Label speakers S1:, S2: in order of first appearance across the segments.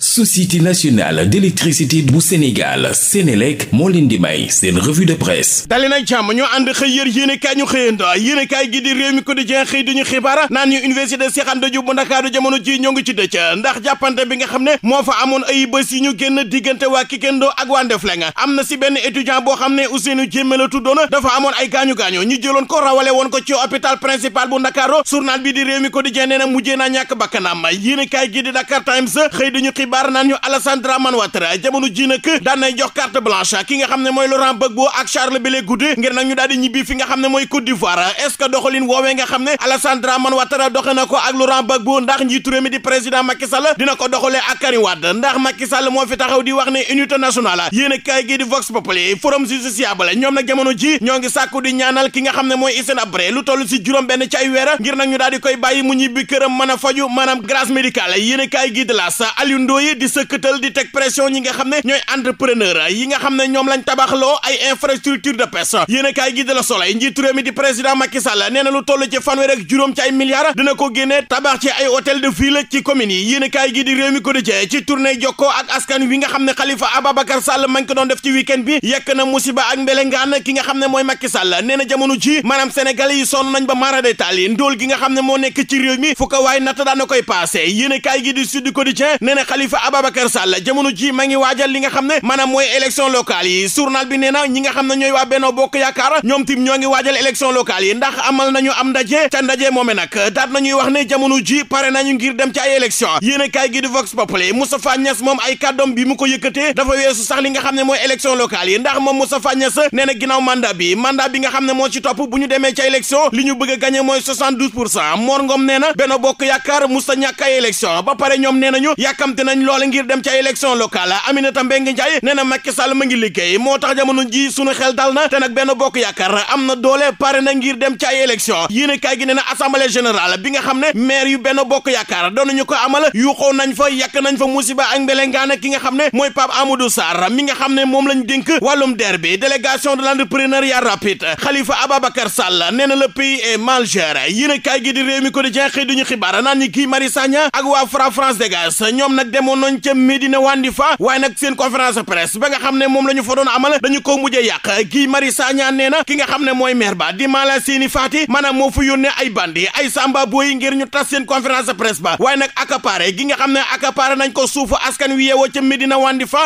S1: société nationale d'électricité bu Sénégal Sénélec moo leen di may seen revue de presse dali nag jàmm ñu ànd xëy yër yéenekaay ñu xëyando yéenekaay gi di réew mi quotidien xëy di ñu xibaar naan ñu université Cheikh Anta Diop bu Ndakaaru jamono ji ñoo ngi ci dëcc ndax jàppante bi nga xam ne moo fa amoon ay bés yi ñu génn diggante waa Kikendo ak waa Ndefleng am na si benn étudiant boo xam ne Ousseynou Jéeme la tuddoon dafa amoon ay gaañu-gaañu ñu jëloon ko rawale xibaar naan ñu Alassane Dramane Ouattara jamono ji nag daan jox carte blanche ki nga xam ne mooy Laurent Gbagbo ak Charles Blé Goudé ngir nag ñu daal di ñibbi fi nga xam ne mooy Côte d'Ivoire est-ce que nga xam ne Alassane Dramane Ouattara doxe na ko ak Laurent Gbagbo ndax njiitu mi di président Macky dina ko doxalee ak Karim Wade ndax Macky moo fi taxaw di wax ne unité nationale yéen a kaay gii di Vox Populi forum justiciable ñoom nag jamono ji ñoo ngi sàkku nga xam ne mooy Hissène Habré lu toll a faju maanaam grâce yooyu di sëkkatal di teg pression ñi nga xam ne ñooy entrepreneur nga xam ne ñoom lañ tabaxloo ay infrastructure de pêche yéen a kaay gi di président Macky Sall nee na lu toll ci fanweer ak juróom ci ay milliards dina ko génne tabax ci ay hôtel de ville a kaay ak askan wi nga xam ne Khalifa Ababacar Sall mañ ko doon def ci week bi yekk na musiba ak mbelengaan ki nga xam ne mooy Macky Sall nee jamono ji maanaam sénégalais yi sonn nañ ba mara détail yi nga xam ne moo nekk ci réew mi fu ko natt daan na koy kaay gi di Sud Quotidien nee Khalifa Ababacar Sall jamono ji ma ngi waajal li nga xam ne maanaam mooy élection locale yi journal bi nee na ñi nga xam ne ñooy waa Benno Bokk Yaakaar ñoom tim ñoo ngi waajal élection locale yi ndax amal nañu am ndaje ca ndaje moome nag daat nañuy wax ne jamono ji pare nañu ngir dem ci ay élection yéen a kaay gi di Vox Populi Moustapha Niass moom ay kàddoom bi mu ko yëkkatee dafa weesu sax li nga xam ne mooy élection locale yi ndax moom Moustapha Niass nee na ginnaaw bi nga xam ne moo ci topp bu ñu demee ca élection li ñu bëgg a gagné mooy 72 pour cent ba pare ñoom nee nañu yàkkamte nañ ngir dem ci ay élection locale Aminata Mbengue Ndiaye nee na Macky Sall moo tax jamono ji sunu xel dal na te benn bokk yaakaar am na doole pare na ngir dem ci ay élection yéen a kaay gi nee na assemblée bi nga xam ne maire yu benn bokk yaakaar doon nañu ko amal yuuxoo nañ fa yàq nañ fa musiba ak mbelengaana ki nga xam ne mooy Pape Amadou Sarr mi moom lañ dénk wàllum der bi délégation de l'entrepreneuriat rapide Khalifa Ababacar Sall nee na le pays est mal géré a kaay gi di réew mi ko di jeex xëy duñu xibaar naan ñi kii Mari ñoom nag demoon nañ ca Médina Wandifa waaye nag seen moom la ñu fa doon amal dañu ko nga xam ne mooy maire ba di Maala Seyni Fati maanaam moo fa yónnee ay bandi ay samba booy ngir ñu tas seen conférence de presse ba waaye nag accaparé gi nga xam ne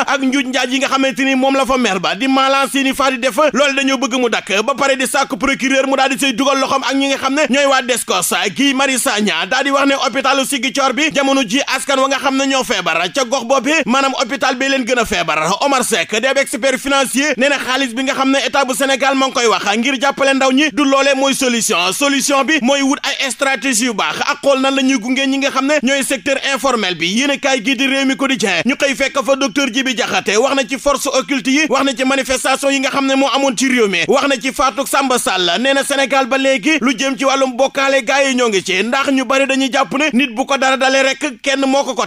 S1: ak njuuj njaaj yi nga xamante ni moom la fa maire ba di Maala Seyni Fati def loolu dañoo bëgg mu dakk ba pare di sàkk procureur mu daal di say dugal loxoom ak ñi nga xam ne ñooy waa Descos Guy Marius Sagna daal di wax ne hôpitalu Ziguinchor bi jamono ji askan wa nga xam ne ñoo fee feebar ca gox boobu maanaam hôpital bi leen gën a feebar Omar Seck deb expert financier nee na xaalis bi nga xam ne état bu Sénégal moo ngi koy wax ngir jàppale ndaw ñi du loolee mooy solution solution bi mooy wut ay stratégie yu baax a xool nan la ñuy gungee ñi nga xam ne ñooy secteur informel bi yéen a kaay gii di réew mi quotidien ñu xëy fekk fa docteur Djibi Diakhaté wax na ci force occulte yi wax na ci manifestation yi nga xam ne moo amoon ci réew mi wax na ci Fatou Samba Sall nee na Sénégal ba léegi lu jëm ci wàllum bokkaale gaay yi ñoo ngi ci ndax ñu bari dañuy jàpp ne nit bu ko dara dalee rek kenn moo ko ko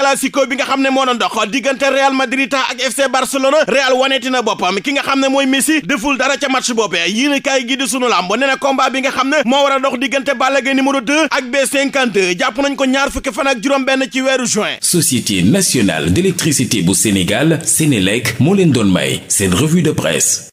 S1: classico bi nga xam ne moo doon dox diggante Real Madrid ak FC Barcelona Real waneeti na boppam ki nga xam ne mooy Messi deful dara ca match boobee yéen kaay gi di sunu làmb na combat bi nga xam ne moo war a dox diggante Balla Gaye numéro 2 ak B52 jàpp nañ ko ñaar fukki fan ak juróom-benn ci weeru juin. Société nationale d'électricité bu Sénégal Sénélec moo leen doon may seen revue de presse.